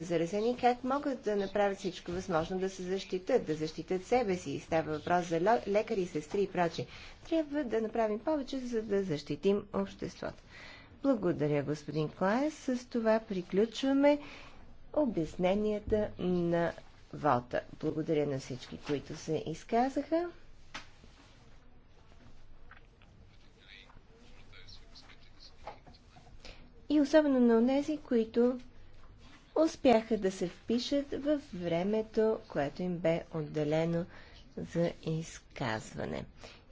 заразени, как могат да направят всичко възможно да се защитат, да защитат себе си. Става въпрос за лекари, сестри и прочи. Трябва да направим повече, за да защитим обществото. Благодаря, господин Клаес. С това приключваме обясненията на Вота. Благодаря на всички, които се изказаха. И особено на тези, които успяха да се впишат в времето, което им бе отделено за изказване.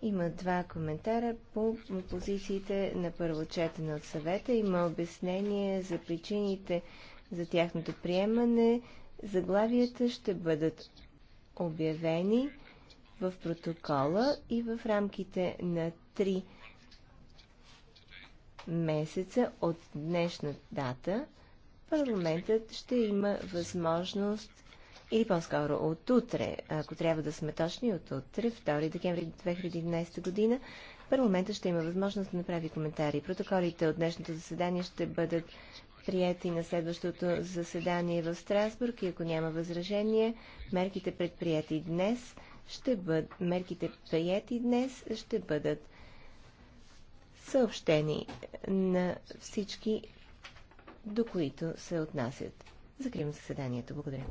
Има два коментара по позициите на първо четене от съвета. Има обяснение за причините за тяхното приемане. Заглавията ще бъдат обявени в протокола и в рамките на три месеца от днешна дата – парламентът ще има възможност или по-скоро от утре, ако трябва да сме точни, от утре, 2 декември 2011 година, парламентът ще има възможност да направи коментари. Протоколите от днешното заседание ще бъдат прияти на следващото заседание в Страсбург и ако няма възражение, мерките предприяти днес ще бъд... мерките приети днес ще бъдат съобщени на всички до които се отнасят. Закривам заседанието. Благодаря.